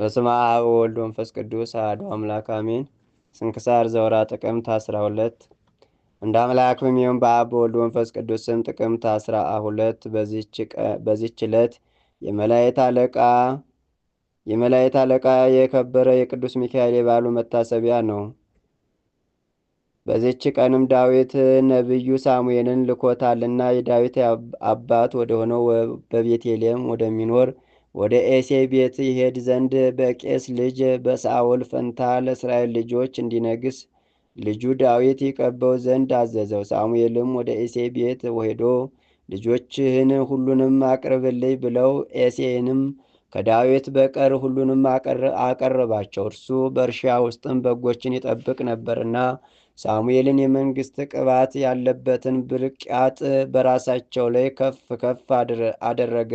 በስመ አብ ወወልድ ወመንፈስ ቅዱስ አሐዱ አምላክ አሜን። ስንክሳር ዘወርኃ ጥቅምት 12 እንደ አምላክ በሚሆን በአብ በወልድ መንፈስ ቅዱስ ስም ጥቅምት 12 በዚች ዕለት የመላእክት አለቃ የመላእክት አለቃ የከበረ የቅዱስ ሚካኤል የበዓሉ መታሰቢያ ነው። በዚች ቀንም ዳዊት ነቢዩ ሳሙኤልን ልኮታልና የዳዊት አባት ወደሆነው በቤተልሔም ወደሚኖር ወደ ኤሴ ቤት ይሄድ ዘንድ በቄስ ልጅ በሳውል ፈንታ ለእስራኤል ልጆች እንዲነግስ ልጁ ዳዊት ይቀበው ዘንድ አዘዘው። ሳሙኤልም ወደ ኤሴ ቤት ወሄዶ ልጆችህን ሁሉንም አቅርብልኝ ብለው ኤሴንም ከዳዊት በቀር ሁሉንም አቀረባቸው። እርሱ በእርሻ ውስጥም በጎችን ይጠብቅ ነበርና ሳሙኤልን የመንግሥት ቅባት ያለበትን ብልቅያጥ በራሳቸው ላይ ከፍ ከፍ አደረገ።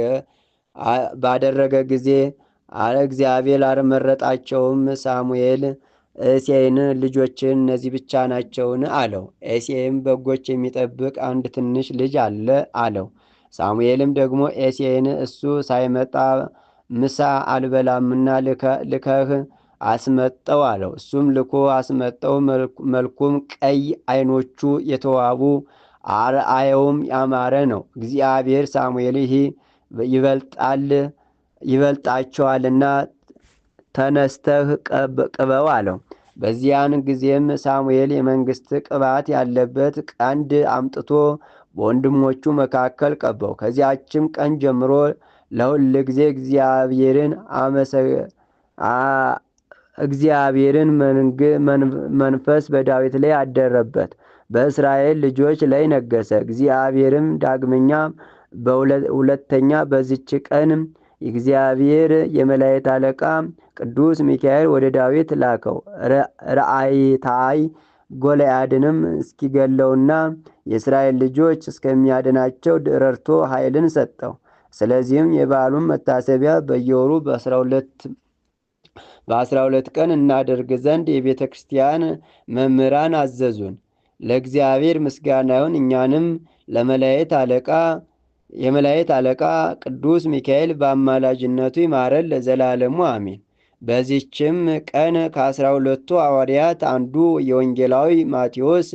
ባደረገ ጊዜ እግዚአብሔር አልመረጣቸውም። ሳሙኤል እሴይን ልጆችን እነዚህ ብቻ ናቸውን? አለው። እሴይም በጎች የሚጠብቅ አንድ ትንሽ ልጅ አለ አለው። ሳሙኤልም ደግሞ ኤሴይን እሱ ሳይመጣ ምሳ አልበላምና ልከህ አስመጠው አለው። እሱም ልኮ አስመጠው። መልኩም ቀይ፣ ዓይኖቹ የተዋቡ አርአየውም ያማረ ነው። እግዚአብሔር ሳሙኤል ይህ ይበልጣል ይበልጣቸዋልና ተነስተህ ቅበው አለው። በዚያን ጊዜም ሳሙኤል የመንግስት ቅባት ያለበት ቀንድ አምጥቶ በወንድሞቹ መካከል ቀባው። ከዚያችም ቀን ጀምሮ ለሁል ጊዜ እግዚአብሔርን እግዚአብሔርን መንፈስ በዳዊት ላይ አደረበት፣ በእስራኤል ልጆች ላይ ነገሰ። እግዚአብሔርም ዳግመኛ ሁለተኛ በዚች ቀን እግዚአብሔር የመላእክት አለቃ ቅዱስ ሚካኤል ወደ ዳዊት ላከው። ረአይታይ ጎልያድንም እስኪገለውና የእስራኤል ልጆች እስከሚያድናቸው ረድቶ ኃይልን ሰጠው። ስለዚህም የበዓሉን መታሰቢያ በየወሩ በአስራ ሁለት ቀን እናደርግ ዘንድ የቤተ ክርስቲያን መምህራን አዘዙን። ለእግዚአብሔር ምስጋና ይሁን እኛንም ለመላእክት አለቃ የመላእክት አለቃ ቅዱስ ሚካኤል በአማላጅነቱ ይማረን ለዘላለሙ አሜን። በዚችም ቀን ከአስራ ሁለቱ ሐዋርያት አንዱ የወንጌላዊ ማቴዎስ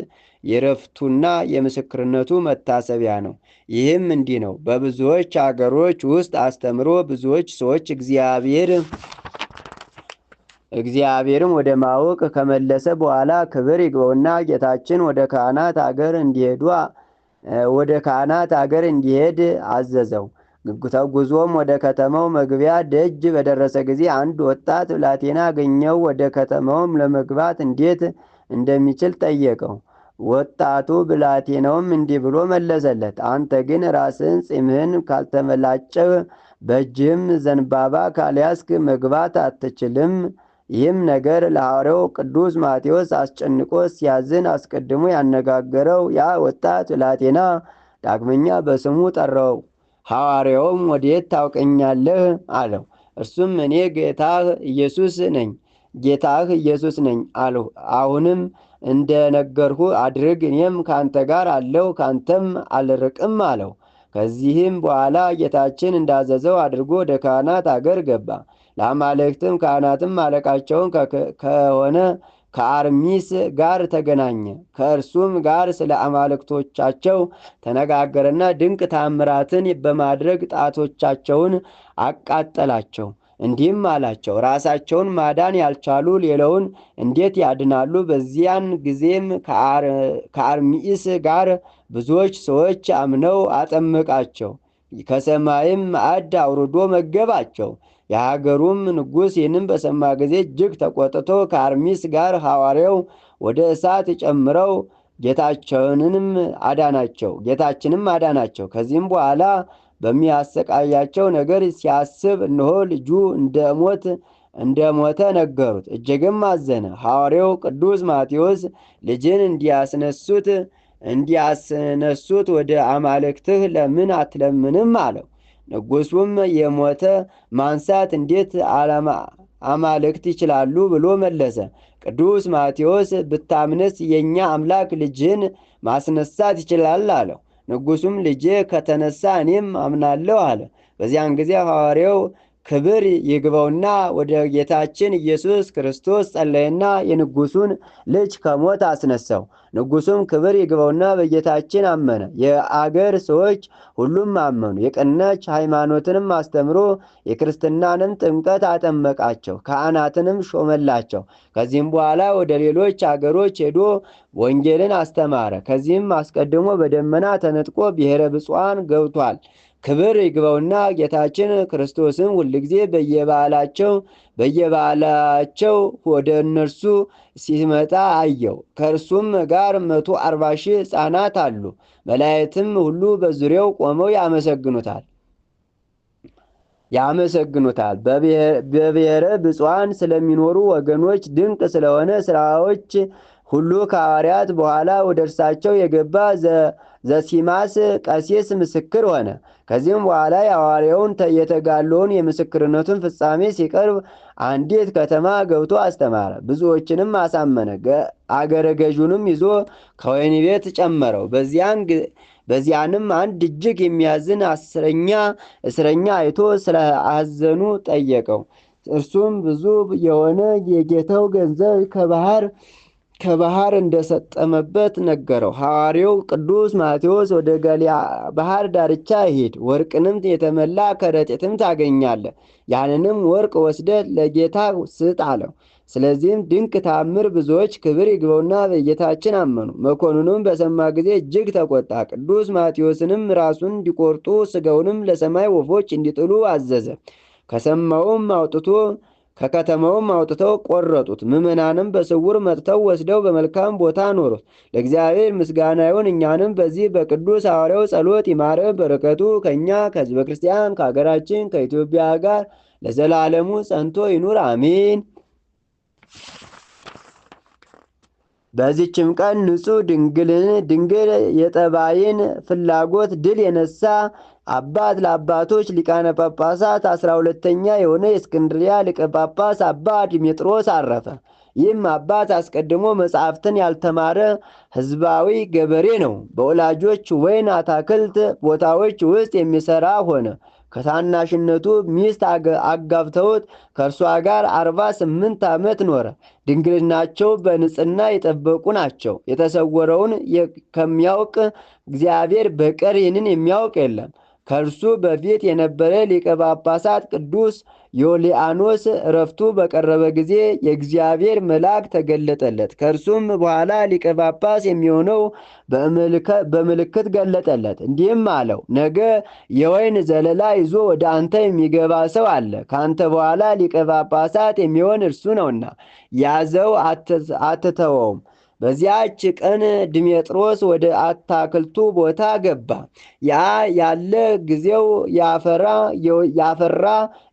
የረፍቱና የምስክርነቱ መታሰቢያ ነው። ይህም እንዲህ ነው። በብዙዎች አገሮች ውስጥ አስተምሮ ብዙዎች ሰዎች እግዚአብሔር እግዚአብሔርም ወደ ማወቅ ከመለሰ በኋላ ክብር ይግባውና ጌታችን ወደ ካህናት አገር እንዲሄዱ ወደ ካህናት አገር እንዲሄድ አዘዘው። ተጉዞም ወደ ከተማው መግቢያ ደጅ በደረሰ ጊዜ አንድ ወጣት ብላቴና አገኘው። ወደ ከተማውም ለመግባት እንዴት እንደሚችል ጠየቀው። ወጣቱ ብላቴናውም እንዲህ ብሎ መለሰለት፣ አንተ ግን ራስን ጺምህን ካልተመላጨ በእጅህም ዘንባባ ካልያዝክ መግባት አትችልም ይህም ነገር ለሐዋርያው ቅዱስ ማቴዎስ አስጨንቆ ሲያዝን አስቀድሞ ያነጋገረው ያ ወጣት ብላቴና ዳግመኛ በስሙ ጠራው። ሐዋርያውም ወዴት ታውቀኛለህ አለው። እርሱም እኔ ጌታህ ኢየሱስ ነኝ ጌታህ ኢየሱስ ነኝ አለሁ። አሁንም እንደነገርሁ አድርግ፣ እኔም ካንተ ጋር አለው ካንተም አልርቅም አለው። ከዚህም በኋላ ጌታችን እንዳዘዘው አድርጎ ወደ ካህናት አገር ገባ። ለአማልክትም ካህናትም አለቃቸውን ከሆነ ከአርሚስ ጋር ተገናኘ። ከእርሱም ጋር ስለ አማልክቶቻቸው ተነጋገረና ድንቅ ታምራትን በማድረግ ጣቶቻቸውን አቃጠላቸው። እንዲህም አላቸው፣ ራሳቸውን ማዳን ያልቻሉ ሌላውን እንዴት ያድናሉ? በዚያን ጊዜም ከአርሚስ ጋር ብዙዎች ሰዎች አምነው አጠመቃቸው። ከሰማይም ማዕድ አውርዶ መገባቸው። የሀገሩም ንጉሥ ይህንም በሰማ ጊዜ እጅግ ተቆጥቶ ከአርሚስ ጋር ሐዋርያው ወደ እሳት ጨምረው ጌታቸውንም አዳናቸው ጌታችንም አዳናቸው። ከዚህም በኋላ በሚያሰቃያቸው ነገር ሲያስብ እንሆ ልጁ እንደሞት እንደሞተ ነገሩት። እጅግም አዘነ። ሐዋርያው ቅዱስ ማቴዎስ ልጅን እንዲያስነሱት እንዲያስነሱት ወደ አማልክትህ ለምን አትለምንም አለው። ንጉሱም የሞተ ማንሳት እንዴት አማልክት ይችላሉ ብሎ መለሰ። ቅዱስ ማቴዎስ ብታምነስ የእኛ አምላክ ልጅን ማስነሳት ይችላል አለው። ንጉሱም ልጄ ከተነሳ እኔም አምናለሁ አለ። በዚያን ጊዜ ሐዋርያው ክብር ይግባውና ወደ ጌታችን ኢየሱስ ክርስቶስ ጸለየና የንጉሱን ልጅ ከሞት አስነሳው። ንጉሱም ክብር ይግባውና በጌታችን አመነ። የአገር ሰዎች ሁሉም አመኑ። የቀናች ሃይማኖትንም አስተምሮ የክርስትናንም ጥምቀት አጠመቃቸው። ካህናትንም ሾመላቸው። ከዚህም በኋላ ወደ ሌሎች አገሮች ሄዶ ወንጌልን አስተማረ። ከዚህም አስቀድሞ በደመና ተነጥቆ ብሔረ ብፁዓን ገብቷል። ክብር ይግባውና ጌታችን ክርስቶስም ሁልጊዜ በየበዓላቸው በየበዓላቸው ወደ እነርሱ ሲመጣ አየው። ከእርሱም ጋር መቶ አርባ ሺህ ሕፃናት አሉ። መላይትም ሁሉ በዙሪያው ቆመው ያመሰግኑታል ያመሰግኑታል። በብሔረ ብፁዓን ስለሚኖሩ ወገኖች ድንቅ ስለሆነ ስራዎች ሁሉ ከሐዋርያት በኋላ ወደ እርሳቸው የገባ ዘሲማስ ቀሲስ ምስክር ሆነ። ከዚህም በኋላ የሐዋርያውን የተጋሎውን የምስክርነቱን ፍጻሜ ሲቀርብ አንዲት ከተማ ገብቶ አስተማረ፣ ብዙዎችንም አሳመነ። አገረ ገዥንም ይዞ ከወይን ቤት ጨመረው። በዚያንም አንድ እጅግ የሚያዝን አስረኛ እስረኛ አይቶ ስለ አዘኑ ጠየቀው። እርሱም ብዙ የሆነ የጌታው ገንዘብ ከባህር ከባህር እንደሰጠመበት ነገረው። ሐዋርያው ቅዱስ ማቴዎስ ወደ ገሊያ ባህር ዳርቻ ይሄድ፣ ወርቅንም የተመላ ከረጢትም ታገኛለ፣ ያንንም ወርቅ ወስደ ለጌታ ስጥ አለው። ስለዚህም ድንቅ ታምር ብዙዎች ክብር ይግበውና በጌታችን አመኑ። መኮንኑም በሰማ ጊዜ እጅግ ተቆጣ። ቅዱስ ማቴዎስንም ራሱን እንዲቆርጡ ስጋውንም ለሰማይ ወፎች እንዲጥሉ አዘዘ። ከሰማውም አውጥቶ ከከተማውም አውጥተው ቆረጡት። ምዕመናንም በስውር መጥተው ወስደው በመልካም ቦታ ኖሩት ለእግዚአብሔር ምስጋና ይሁን። እኛንም በዚህ በቅዱስ ሐዋርያው ጸሎት ይማረ በረከቱ ከእኛ ከሕዝበ ክርስቲያን ከሀገራችን ከኢትዮጵያ ጋር ለዘላለሙ ጸንቶ ይኑር አሜን። በዚችም ቀን ንጹሕ ድንግል የጠባይን ፍላጎት ድል የነሳ አባት ለአባቶች ሊቃነ ጳጳሳት አስራ ሁለተኛ የሆነ የእስክንድሪያ ሊቀ ጳጳስ አባ ዲሜጥሮስ አረፈ። ይህም አባት አስቀድሞ መጽሐፍትን ያልተማረ ሕዝባዊ ገበሬ ነው። በወላጆች ወይን አታክልት ቦታዎች ውስጥ የሚሠራ ሆነ። ከታናሽነቱ ሚስት አጋብተውት ከእርሷ ጋር አርባ ስምንት ዓመት ኖረ። ድንግልናቸው በንጽህና የጠበቁ ናቸው። የተሰወረውን ከሚያውቅ እግዚአብሔር በቀር ይህንን የሚያውቅ የለም። ከእርሱ በፊት የነበረ ሊቀ ጳጳሳት ቅዱስ ዮልያኖስ እረፍቱ በቀረበ ጊዜ የእግዚአብሔር መልአክ ተገለጠለት። ከእርሱም በኋላ ሊቀ ጳጳስ የሚሆነው በምልክት ገለጠለት፣ እንዲህም አለው፦ ነገ የወይን ዘለላ ይዞ ወደ አንተ የሚገባ ሰው አለ። ከአንተ በኋላ ሊቀ ጳጳሳት የሚሆን እርሱ ነውና ያዘው፣ አትተወውም። በዚያች ቀን ድሜጥሮስ ወደ አታክልቱ ቦታ ገባ። ያ ያለ ጊዜው ያፈራ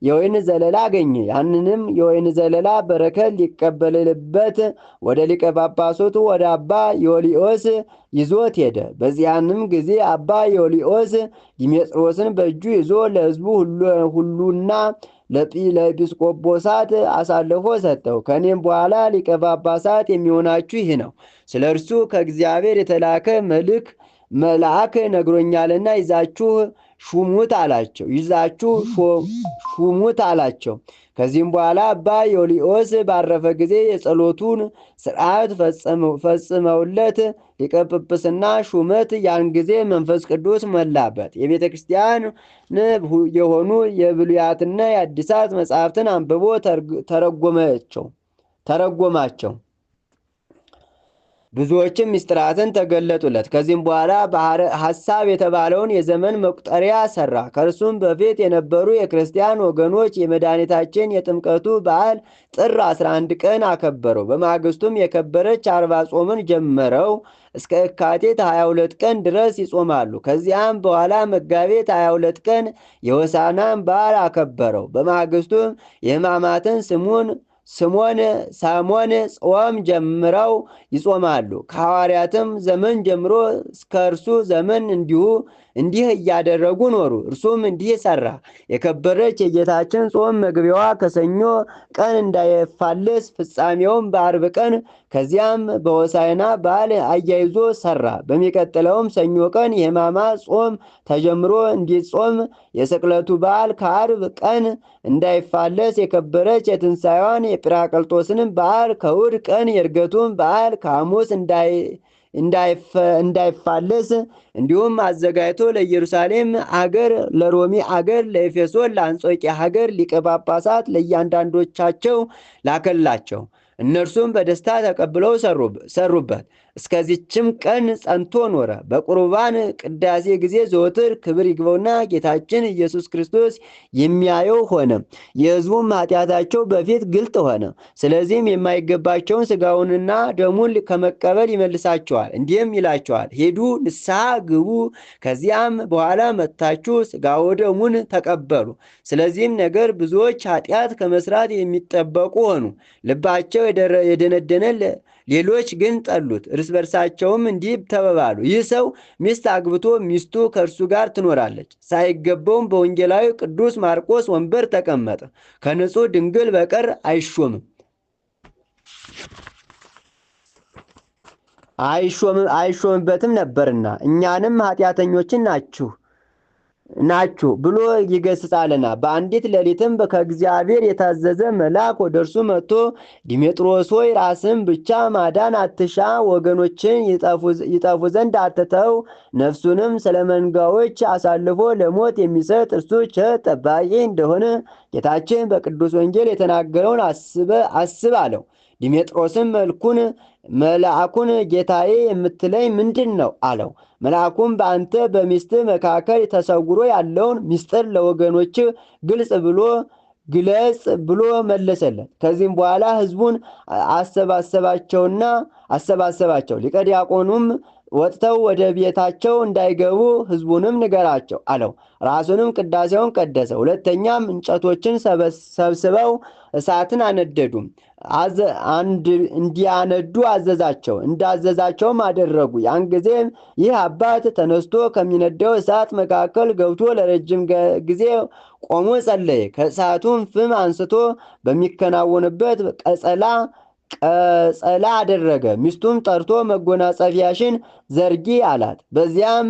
የወይን ዘለላ አገኘ። ያንንም የወይን ዘለላ በረከት ሊቀበልበት ወደ ሊቀ ጳጳሱት ወደ አባ ዮልዮስ ይዞት ሄደ። በዚያንም ጊዜ አባ ዮልዮስ ድሜጥሮስን በእጁ ይዞ ለሕዝቡ ሁሉና ለኤጲስቆጶሳት አሳልፎ ሰጠው። ከእኔም በኋላ ሊቀ ጳጳሳት የሚሆናችሁ ይህ ነው፣ ስለ እርሱ ከእግዚአብሔር የተላከ መልክ መልአክ ነግሮኛልና ይዛችሁ ሹሙት አላቸው። ይዛችሁ ሹሙት አላቸው። ከዚህም በኋላ አባ ዮልዮስ ባረፈ ጊዜ የጸሎቱን ስርዓት ፈጽመውለት ሊቀ ጵጵስና ሹመት ያን ጊዜ መንፈስ ቅዱስ መላበት። የቤተ ክርስቲያን የሆኑ የብሉያትና የአዲሳት መጽሐፍትን አንብቦ ተረጎማቸው። ብዙዎችም ምስጢራትን ተገለጡለት። ከዚህም በኋላ ሐሳብ የተባለውን የዘመን መቁጠሪያ ሰራ። ከእርሱም በፊት የነበሩ የክርስቲያን ወገኖች የመድኃኒታችን የጥምቀቱ በዓል ጥር 11 ቀን አከበረው። በማግስቱም የከበረች አርባ ጾምን ጀመረው። እስከ የካቲት 22 ቀን ድረስ ይጾማሉ። ከዚያም በኋላ መጋቤት 22 ቀን የወሳናን በዓል አከበረው። በማግስቱም የሕማማትን ስሙን ስሞን፣ ሳሞን ጾም ጀምረው ይጾማሉ። ከሐዋርያትም ዘመን ጀምሮ እስከ እርሱ ዘመን እንዲሁ እንዲህ እያደረጉ ኖሩ። እርሱም እንዲህ ሠራ። የከበረች የጌታችን ጾም መግቢያዋ ከሰኞ ቀን እንዳይፋለስ ፍጻሜውም በአርብ ቀን ከዚያም በወሳይና በዓል አያይዞ ሠራ። በሚቀጥለውም ሰኞ ቀን የሕማማ ጾም ተጀምሮ እንዲጾም የስቅለቱ በዓል ከአርብ ቀን እንዳይፋለስ የከበረች የትንሣኤዋን የጵራቀልጦስንም በዓል ከውድ ቀን የእርገቱን በዓል ከሐሙስ እንዳይፋለስ እንዲሁም አዘጋጅቶ ለኢየሩሳሌም አገር፣ ለሮሚ አገር፣ ለኤፌሶን፣ ለአንጾቂያ ሀገር ሊቀ ጳጳሳት ለእያንዳንዶቻቸው ላከላቸው። እነርሱም በደስታ ተቀብለው ሰሩበት። እስከዚችም ቀን ጸንቶ ኖረ። በቁርባን ቅዳሴ ጊዜ ዘወትር ክብር ይግበውና ጌታችን ኢየሱስ ክርስቶስ የሚያየው ሆነ። የሕዝቡም ኃጢአታቸው በፊት ግልጥ ሆነ። ስለዚህም የማይገባቸውን ስጋውንና ደሙን ከመቀበል ይመልሳቸዋል። እንዲህም ይላቸዋል፣ ሄዱ ንስሐ ግቡ፣ ከዚያም በኋላ መጥታችሁ ስጋው ደሙን ተቀበሉ። ስለዚህም ነገር ብዙዎች ኃጢአት ከመስራት የሚጠበቁ ሆኑ። ልባቸው የደነደነ ሌሎች ግን ጠሉት። እርስ በርሳቸውም እንዲህ ተበባሉ፣ ይህ ሰው ሚስት አግብቶ ሚስቱ ከእርሱ ጋር ትኖራለች፣ ሳይገባውም በወንጌላዊ ቅዱስ ማርቆስ ወንበር ተቀመጠ፣ ከንጹሕ ድንግል በቀር አይሾምም አይሾምበትም ነበርና እኛንም ኃጢአተኞችን ናችሁ ናችሁ ብሎ ይገስጻልና በአንዲት ሌሊትም ከእግዚአብሔር የታዘዘ መልአክ ወደ እርሱ መጥቶ ዲሜጥሮስ ሆይ ራስን ብቻ ማዳን አትሻ ወገኖችን ይጠፉ ዘንድ አትተው ነፍሱንም ስለ መንጋዎች አሳልፎ ለሞት የሚሰጥ እርሱ ቸር ጠባቂ እንደሆነ ጌታችን በቅዱስ ወንጌል የተናገረውን አስብ አለው ዲሜጥሮስም መልኩን መልአኩን ጌታዬ የምትለኝ ምንድን ነው አለው መልአኩም በአንተ በሚስት መካከል ተሰውሮ ያለውን ምስጢር ለወገኖች ግልጽ ብሎ ግለጽ ብሎ መለሰለት ከዚህም በኋላ ህዝቡን አሰባሰባቸውና አሰባሰባቸው ሊቀ ዲያቆኑም ወጥተው ወደ ቤታቸው እንዳይገቡ ህዝቡንም ንገራቸው አለው ራሱንም ቅዳሴውን ቀደሰ ሁለተኛም እንጨቶችን ሰብስበው እሳትን አነደዱ እንዲያነዱ አዘዛቸው እንዳዘዛቸውም አደረጉ ያን ጊዜ ይህ አባት ተነስቶ ከሚነደው እሳት መካከል ገብቶ ለረጅም ጊዜ ቆሞ ጸለየ ከእሳቱም ፍም አንስቶ በሚከናወንበት ቀጸላ ቀጸላ አደረገ ሚስቱም ጠርቶ መጎናጸፊያሽን ዘርጊ አላት በዚያም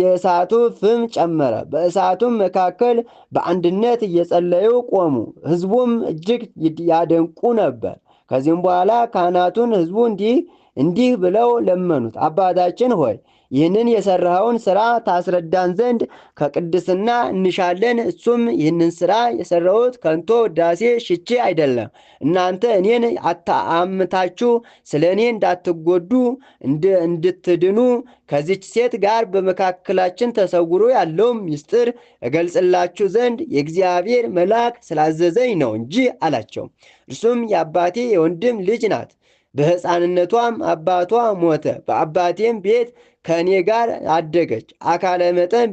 የእሳቱ ፍም ጨመረ። በእሳቱም መካከል በአንድነት እየጸለዩ ቆሙ። ሕዝቡም እጅግ ያደንቁ ነበር። ከዚህም በኋላ ካህናቱን ሕዝቡ እንዲህ ብለው ለመኑት፣ አባታችን ሆይ ይህንን የሠራኸውን ስራ ታስረዳን ዘንድ ከቅድስና እንሻለን። እሱም ይህንን ስራ የሠራሁት ከንቶ ውዳሴ ሽቼ አይደለም፣ እናንተ እኔን አታአምታችሁ ስለ እኔ እንዳትጎዱ እንድትድኑ ከዚች ሴት ጋር በመካከላችን ተሰውሮ ያለው ምስጢር እገልጽላችሁ ዘንድ የእግዚአብሔር መልአክ ስላዘዘኝ ነው እንጂ አላቸው። እርሱም የአባቴ የወንድም ልጅ ናት። በሕፃንነቷም አባቷ ሞተ። በአባቴም ቤት ከእኔ ጋር አደገች። አካለ መጠን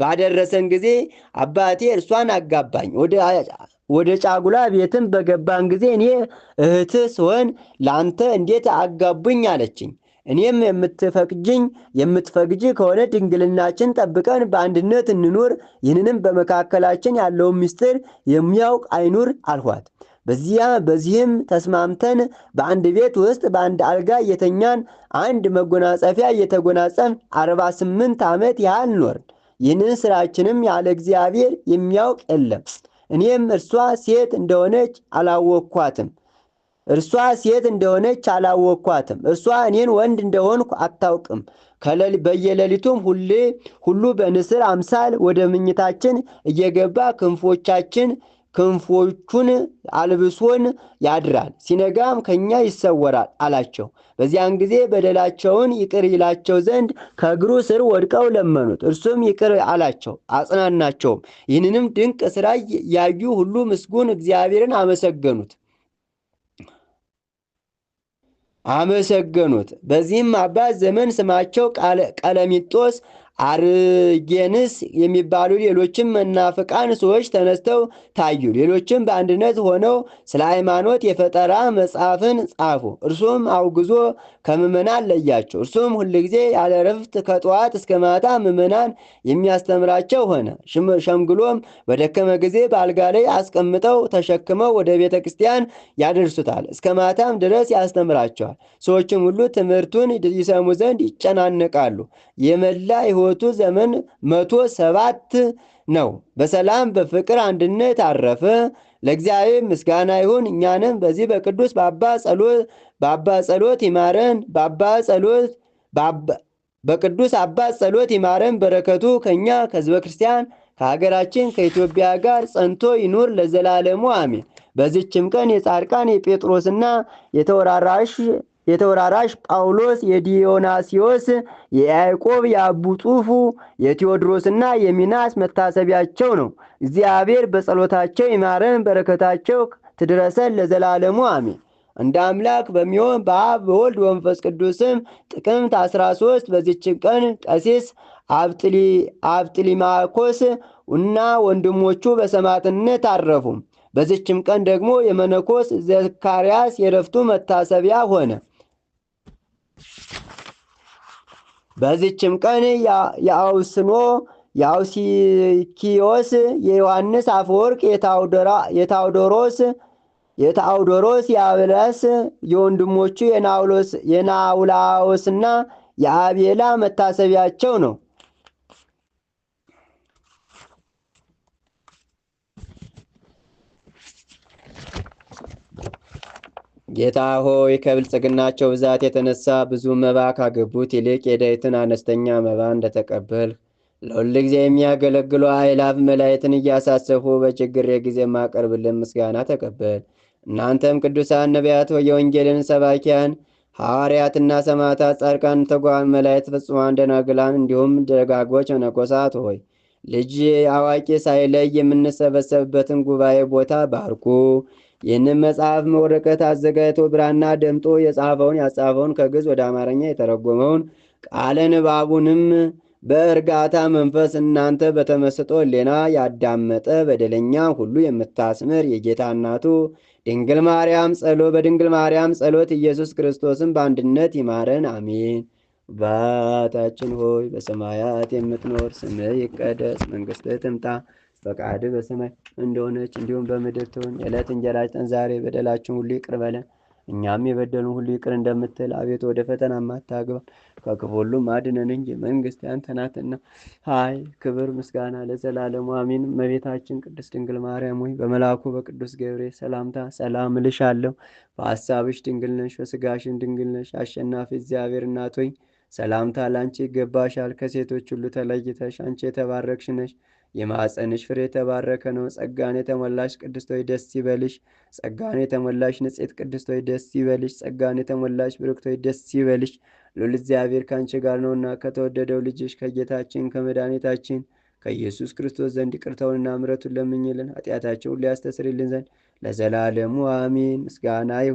ባደረሰን ጊዜ አባቴ እርሷን አጋባኝ። ወደ ጫጉላ ቤትም በገባን ጊዜ እኔ እህትህ ስሆን ለአንተ እንዴት አጋቡኝ አለችኝ። እኔም የምትፈቅጅኝ የምትፈቅጅ ከሆነ ድንግልናችን ጠብቀን በአንድነት እንኑር፣ ይህንንም በመካከላችን ያለውን ምስጢር የሚያውቅ አይኑር አልኋት። በዚያ በዚህም ተስማምተን በአንድ ቤት ውስጥ በአንድ አልጋ እየተኛን አንድ መጎናጸፊያ እየተጎናጸፍን አርባ ስምንት ዓመት ያህል ኖርን። ይህንን ሥራችንም ያለ እግዚአብሔር የሚያውቅ የለም። እኔም እርሷ ሴት እንደሆነች አላወቅኳትም። እርሷ ሴት እንደሆነች አላወቅኳትም። እርሷ እኔን ወንድ እንደሆንኩ አታውቅም። በየሌሊቱም ሁሌ ሁሉ በንስር አምሳል ወደ ምኝታችን እየገባ ክንፎቻችን ክንፎቹን አልብሶን ያድራል፣ ሲነጋም ከእኛ ይሰወራል አላቸው። በዚያን ጊዜ በደላቸውን ይቅር ይላቸው ዘንድ ከእግሩ ስር ወድቀው ለመኑት። እርሱም ይቅር አላቸው፣ አጽናናቸውም። ይህንንም ድንቅ ስራ ያዩ ሁሉ ምስጉን እግዚአብሔርን አመሰገኑት አመሰገኑት። በዚህም አባት ዘመን ስማቸው ቀለሚጦስ አርጌንስ የሚባሉ ሌሎችም መናፍቃን ሰዎች ተነስተው ታዩ። ሌሎችም በአንድነት ሆነው ስለ ሃይማኖት የፈጠራ መጽሐፍን ጻፉ። እርሱም አውግዞ ከምዕመናን ለያቸው። እርሱም ሁልጊዜ ያለ ረፍት ከጠዋት እስከ ማታ ምዕመናን የሚያስተምራቸው ሆነ። ሸምግሎም በደከመ ጊዜ በአልጋ ላይ አስቀምጠው ተሸክመው ወደ ቤተ ክርስቲያን ያደርሱታል። እስከ ማታም ድረስ ያስተምራቸዋል። ሰዎችም ሁሉ ትምህርቱን ይሰሙ ዘንድ ይጨናነቃሉ። የመላ በሕይወቱ ዘመን መቶ ሰባት ነው። በሰላም በፍቅር አንድነት አረፈ። ለእግዚአብሔር ምስጋና ይሁን። እኛንም በዚህ በቅዱስ በአባ ጸሎት በአባ ጸሎት ይማረን። በአባ ጸሎት በቅዱስ አባ ጸሎት ይማረን። በረከቱ ከእኛ ከሕዝበ ክርስቲያን ከሀገራችን ከኢትዮጵያ ጋር ጸንቶ ይኑር ለዘላለሙ አሜን። በዚችም ቀን የጻድቃን የጴጥሮስና የተወራራሽ የተወራራሽ ጳውሎስ፣ የዲዮናሲዮስ፣ የያዕቆብ፣ የአቡ ጡፉ፣ የቴዎድሮስና የሚናስ መታሰቢያቸው ነው። እግዚአብሔር በጸሎታቸው ይማረን፣ በረከታቸው ትድረሰን ለዘላለሙ አሜን። እንደ አምላክ በሚሆን በአብ በወልድ በመንፈስ ቅዱስም ጥቅምት 13 በዚችን ቀን ቀሲስ አብጥሊማኮስ እና ወንድሞቹ በሰማዕትነት አረፉ። በዚችም ቀን ደግሞ የመነኮስ ዘካርያስ የረፍቱ መታሰቢያ ሆነ። በዚችም ቀን የአውስኖ የአውሲኪዮስ የዮሐንስ አፈወርቅ የታውዶሮስ የታውዶሮስ የአብለስ የወንድሞቹ የናውላዎስና የአቤላ መታሰቢያቸው ነው ጌታ ሆይ ከብልጽግናቸው ብዛት የተነሳ ብዙ መባ ካገቡት ይልቅ የዳይትን አነስተኛ መባ እንደተቀበልህ ለሁል ጊዜ የሚያገለግሉ አእላፍ መላእክትን እያሳሰፉ በችግር ጊዜ ማቀርብልን ምስጋና ተቀበል። እናንተም ቅዱሳን ነቢያት፣ የወንጌልን ሰባኪያን ሐዋርያትና ሰማዕታት፣ ጻድቃን፣ ትጉሃን መላእክት፣ ፍጹማን ደናግላን፣ እንዲሁም ደጋጎች መነኮሳት ሆይ ልጅ አዋቂ ሳይለይ የምንሰበሰብበትን ጉባኤ ቦታ ባርኩ። ይህንም መጽሐፍ መወረቀት አዘጋጅቶ ብራና ደምጦ የጻፈውን ያጻፈውን ከግዕዝ ወደ አማርኛ የተረጎመውን ቃለ ንባቡንም በእርጋታ መንፈስ እናንተ በተመስጦ ሌና ያዳመጠ በደለኛ ሁሉ የምታስምር የጌታ እናቱ ድንግል ማርያም ጸሎ በድንግል ማርያም ጸሎት ኢየሱስ ክርስቶስን በአንድነት ይማረን አሜን። አባታችን ሆይ በሰማያት የምትኖር ስምህ ይቀደስ፣ መንግሥትህ ትምጣ ፈቃድ በሰማይ እንደሆነች እንዲሁም በምድር ትሆን። የዕለት እንጀራችንን ዛሬ በደላችን ሁሉ ይቅር በለን እኛም የበደሉን ሁሉ ይቅር እንደምትል። አቤቱ ወደ ፈተና ማታግባ ከክፉ ሁሉ አድነን እንጂ መንግሥት ያንተ ናትና ክብር፣ ምስጋና ለዘላለሙ አሚን። እመቤታችን ቅድስት ድንግል ማርያም ሆይ በመልአኩ በቅዱስ ገብርኤል ሰላምታ ሰላም እልሻለሁ። አለው ድንግል ነሽ፣ በስጋሽን ድንግል ነሽ። አሸናፊ እግዚአብሔር እናቶኝ ሰላምታ ለአንቺ ይገባሻል። ከሴቶች ሁሉ ተለይተሽ አንቺ የተባረክሽ ነሽ። የማዕፀንሽ ፍሬ የተባረከ ነው። ጸጋን የተሞላሽ ቅድስት ሆይ ደስ ይበልሽ። ጸጋን የተሞላሽ ንጽሕት ቅድስት ሆይ ደስ ይበልሽ። ጸጋን የተሞላሽ ብርክት ሆይ ደስ ይበልሽ። ሉል እግዚአብሔር ከአንቺ ጋር ነውና ከተወደደው ልጅሽ ከጌታችን ከመድኃኒታችን ከኢየሱስ ክርስቶስ ዘንድ ይቅርታውንና ምሕረቱን ለምኝልን ኃጢአታቸውን ሊያስተስርልን ዘንድ ለዘላለሙ አሚን ምስጋና ይሁን።